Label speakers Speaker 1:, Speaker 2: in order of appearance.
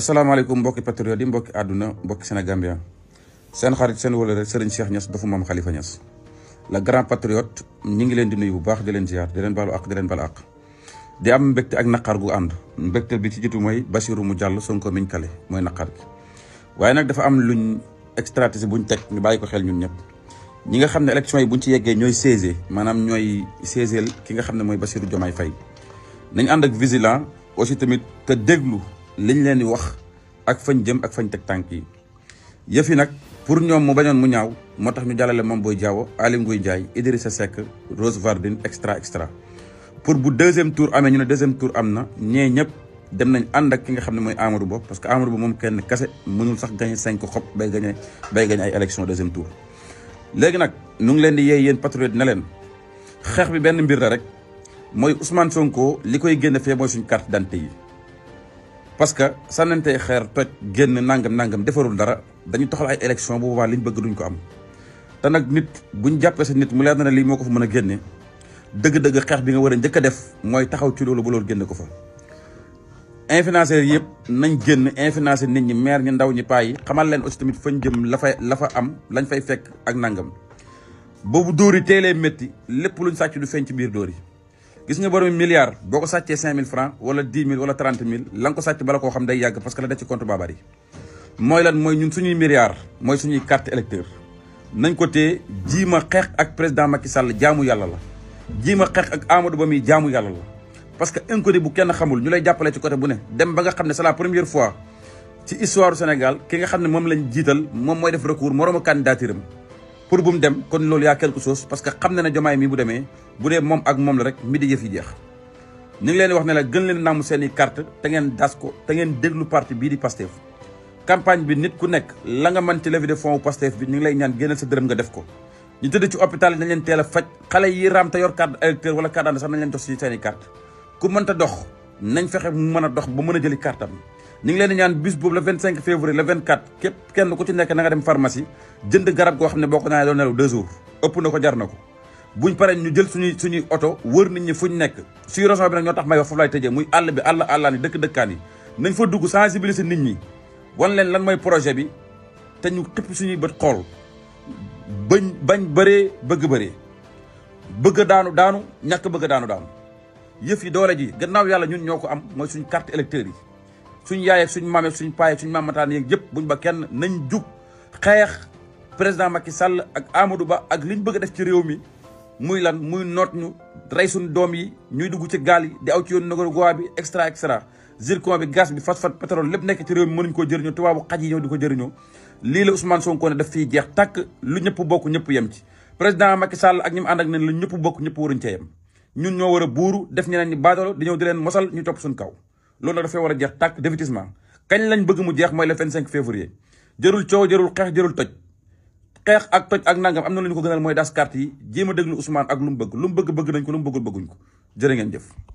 Speaker 1: asalaamaaleykum mbokki patriote yi mbokki àdduna mbokki sénégambien seen xarit seen wala sëriñ Cheikh Niass dafa moom Khalifa Niass la grand patriote ñi ngi leen di nuyu bu baax di leen ziar di leen baalu àq di leen am mbégte ak naqar gu ànd mbégte bi ci jiitu mooy Bassirou mu jàll Sonko miñ kale mooy naqar gi waaye nag dafa am luñ stratégie buñ teg ñu bàyyi ko xel ñun ñëpp ñi nga xam ne élection yi buñ ci yeggee ñooy saisé maanaam ñooy saisel ki nga xam ne mooy Bassirou Diomaye Faye nañ ànd ak vigilant aussi tamit te déglu liñ leen di wax ak fañ jëm ak fañ teg tànk yi yëf yi nag pour ñoom mu bañoon mu ñaaw moo tax ñu jàllale Mame Boye Diao Aly jaay Ndiaye sa Seck Rose Wardini extra extra pour bu deuxième tour amee ñu ne deuxième tour am na ñee ñëpp dem nañ ànd ak ki nga xam ne mooy Amadou Ba parce que Amadou Ba moom kenn kase mënul sax gagné cinq xob bay gagné bay gagné ay élection deuxième tour léegi nag nu ngi leen di yeey yéen patriote ne leen xeex bi benn mbir la rek mooy Ousmane Sonko li koy génn fee suñ carte d'identité parce que sànnantey xeer toj génn nangam nangam defarul dara dañu taxal ay élection bu boobaa liñ bëgg duñ ko am te nag nit buñ jàppee sa nit mu leer na lii moo ko fa mën a génne dëgg-dëgg xeex bi nga war a njëkk a def mooy taxaw ci loolu ba loolu génne ko fa influenceurs yëpp nañ génn influencer nit ñi mair ñi ndaw ñi paa yi xamal leen aussi tamit fañ jëm la fay la fa am lañ fay fekk ak nangam boobu dóor yi teelee métti lépp luñ sàcc lu feeñ ci biir dóor yi gis nga borom milliard boo ko sàccee cinq mille francs wala dix mille wala trente mille la ko sàcc bala koo xam day yàgg parce que la def ci compte baabar yi mooy lan mooy ñun suñuy milliard mooy suñuy carte électeur nañ ko téye jiima xeex ak président Macky Sall jaamu yàlla la jiima xeex ak Amadou Ba mi jaamu yàlla la parce que inconnu bu kenn xamul ñu lay jàppale ci côté bu ne dem ba nga xam ne c'est la première fois ci histoire Sénégal ki nga xam ne moom lañ jiital moom mooy def recours moroomu candidature am pour bu mu dem kon loolu yaa quelque chose parce que xam na ne jomaay mi bu demee bu dee moom ak moom la rek mi di yëf yi jeex ñu ngi leen wax ne la gën leen nàmm seen i carte te ngeen das ko te ngeen déglu parti bii di Pastef campagne bi nit ku nekk la nga mën ci levée de fonds bi ñu ngi lay ñaan génneel sa dërëm nga def ko ñu tëdd ci hôpital yi nañ leen teel faj xale yi raam te yor carte électeur wala carte d'identité sax nañ leen jox si seen carte ku mënta dox nañ fexe mu mën a dox ba mën a jëli carte am ñu ngi leen di ñaan bis boobu le 25 février le 24 képp kenn ku ci nekk na nga dem pharmacie jënd garab goo xam ne boo ko naanee doo nelaw deux jours ëpp na ko jar na ko buñ paree ñu jël suñuy suñuy oto wër nit ñi fuñ nekk suy région bi nag ñoo tax may wax foofu laay tëjee muy àll bi àll àllaan yi dëkk dëkkaan yi nañ fa dugg sensibiliser nit ñi wan leen lan mooy projet bi te ñu tëpp suñuy bët xool bañ bañ bëree bëgg bëree bëgg daanu daanu ñàkk bëgg daanu daanu yëf yi doole ji gannaaw yàlla ñun ñoo ko am mooy suñu carte électeur yi suñ yaay ak suñ maam ak suñ paay ak suñ maamataan yëpp buñ ba kenn nañ jug xeex président Macky Sall ak Amadou Ba ak liñ bëgg a def ci réew mi muy lan muy noot ñu rey suñ doom yi ñuy dugg ci gaal yi di aw ci yoon Nicaragua bi extra extra zircon bi gaz bi phosphate pétrole lépp nekk ci réew mi mënuñ koo jëriñoo tubaabu xaj yi ñëw di ko jëriñoo lii la Ousmane Sonko ne def fiy jeex tàkk lu ñëpp bokk ñëpp yem ci président Macky Sall ak ñi mu ànd ak nañ lu ñëpp bokk ñëpp waruñ cee yem ñoo war a buuru def ñeneen ñi baatalo di ñëw leen mosal ñu topp suñ kaw loolu dafay war a jeex tàkk définitivement kañ lañ bëgg mu jeex mooy le 25 février jërul coow jërul xeex jërul toj xeex ak toj ak nangam am na lu ñu ko gënal mooy das carte yi jéem a déglu Ousmane ak lu mu bëgg lu bëgg bëgg nañ ko lu mu bëggul bëgguñ ko jërë ngeen jëf